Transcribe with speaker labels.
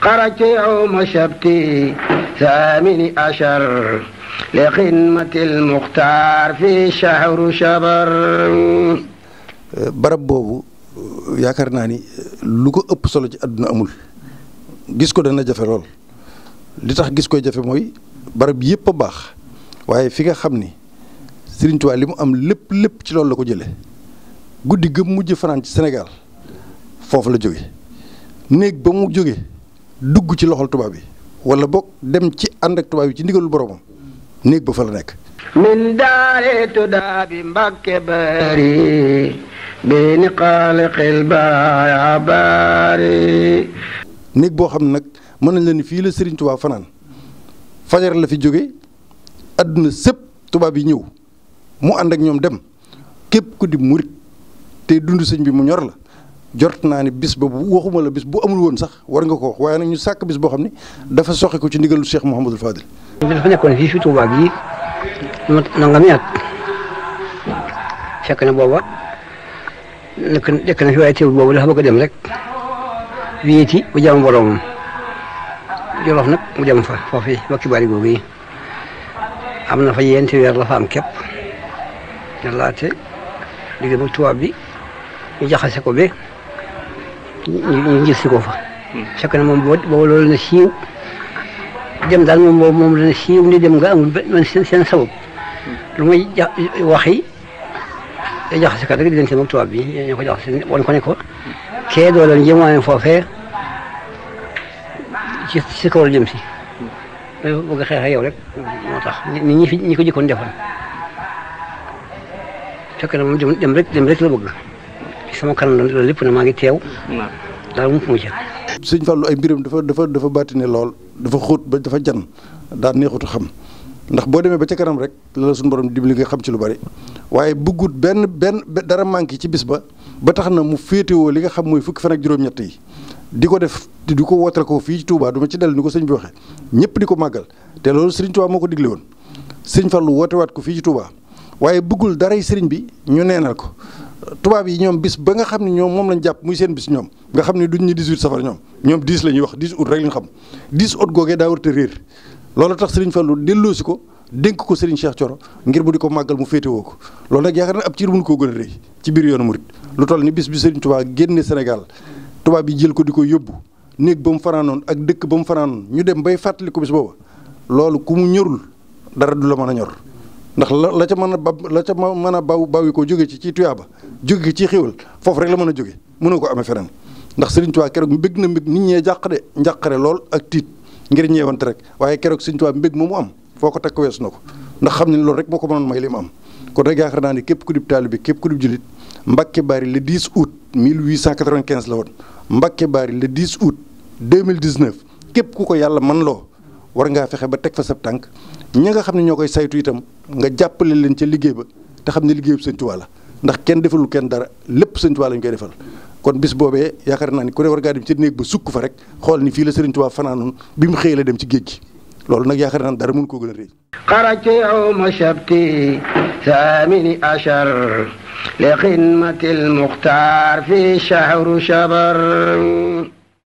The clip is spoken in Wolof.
Speaker 1: خرجت يوم سبتي ثامن عشر
Speaker 2: لخدمة المختار في شهر شبر barab boobu yaakaar naa ni lu ko ëpp solo ci àdduna amul gis ko dana jafe lool li tax gis koy jafe mooy barab yëpp a baax waaye fi nga xam ni Sëriñ Tuubaa li mu am lépp lépp ci loolu la ko jëlee guddi gëm mujj fanaan ci Sénégal foofu la jóge néeg ba mu jóge dugg ci loxol tubaab yi wala boog dem ci ànd ak tubaab yi ci ndigalul boromam néeg ba fa la nekk.
Speaker 1: min daare tuddaa bi mbàkke bari
Speaker 2: bi ni xaaliqil baaya bari néeg boo xam ne nag mën nañ la ni fii la Serigne Touba fanaan fajar la fi jóge àdduna sëpp tubaab yi ñëw mu ànd ak ñoom dem képp ku di murit te dund sëñ bi mu ñor la. jot naa ne bis boobu waxuma la bis bu amul woon sax war nga ko wax waaye nag ñu sàkk bis boo xam ne dafa soxe ko ci ndigalu Cheikh Mouhamadul Fadil. bi dafa nekkoon fii fi Touba gii nangami at fekk na booba
Speaker 1: nekk nekk na fi boobu dafa bëgg a dem rek wéeti bu jàmm boromam Jolof nag mu dem fa foofu ba kibaari googu yi am na fa yenti weer la fa am képp nga laajte liggéey bu tubaab bi ñu jaxase ko be ñu gis si ko fa. moom boobu loolu na siiw dem daal moom boobu moom dana ni dem nga amul man seen seen may ja waxi jaxase kat di leen si mag tubaab bi ñu ko jaxase woon ko ne foofee ci si kaw la jëm si. loolu yow rek moo tax ni ñi fi ko jëkkoon defoon fekk na moom dem rek dem rek la bëgg.
Speaker 2: sama kanam loolu lépp na maa ngi teew. daal moom fu mu jëm. sëñ Fallou ay mbiram dafa dafa dafa bàttine lool dafa xóot ba dafa jan daa neexutu xam ndax boo demee ba ca kanam rek la suñu borom dimbali nga xam ci lu bari waaye bëggut benn benn dara manqué ci bis ba ba tax na mu féetewoo li nga xam mooy fukki fan ak di ko def di ko wootal fii ci Touba du ci dellu ni ko sëñ bi waxee ñëpp di ko màggal te loolu Serigne Touba moo ko digle woon sëñ Fallou wootewaat ko fii ci Touba waaye bëggul daray sëriñ bi ñu neenal ko tubaab yi ñoom bis ba nga xam ne ñoom moom lañ jàpp muy seen bis ñoom nga xam ne duñ ñu 18 safar ñoom ñoom 10 la wax 10 août rek lañ xam 10 août googee daa war a réer loolu tax Serigne Fallou delloosi ko dénk ko Serigne Cheikh Thioro ngir mu di ko màggal mu féetewoo ko loolu nag yaakaar na ab ciir mënu koo gën a rëy ci biir yoonu murit lu toll ni bis bi Serigne Touba génne Sénégal tubaab yi jël ko di ko yóbbu néeg ba mu fanaanoon ak dëkk ba mu fanaanoon ñu dem bay fàttali ko bis booba loolu ku mu ñorul dara du la mën a ñor ndax la la ca man a ba la ca mën a baw bawi ko jóge ci ci tuyaaba jóge ci xéwal foofu rek la mën a jóge mënoo ko amee feneen ndax Serigne Touba keroog mbég na mbég nit ñee jàq de njàqare lool ak tiit ngir ñeewante rek waaye keroog Serigne Touba mbég moomu am foo ko takk weesu na ko ndax xam ne lool rek moo ko mënoon may li mu am kon rek yaakaar naa ne képp ku dib taalibe képp ku dib julit Mbacke Bari le la woon Mbacke Bari le 10 août 2019 képp ku ko yàlla man loo war ngaa fexe ba teg fa sab tànk ñi nga xam ne ñoo koy saytu itam nga jàppale leen ca liggéey ba te xam ne liggéey bu sëñ Tuubaa ndax kenn defalul kenn dara lépp sëñ Tuubaa lañ koy defal kon bis boobee yaakaar naa ni ku ne war ngaa dem ci néeg ba sukk fa rek xool ni fii la sëriñ Tuubaa fanaanoon bi mu xëyee la dem ci géej gi loolu nag yaakaar naa dara mun koo gën a réy xarajtu yawma sabti saamini ashar li xidmatil
Speaker 1: muxtaar fi shahru shabar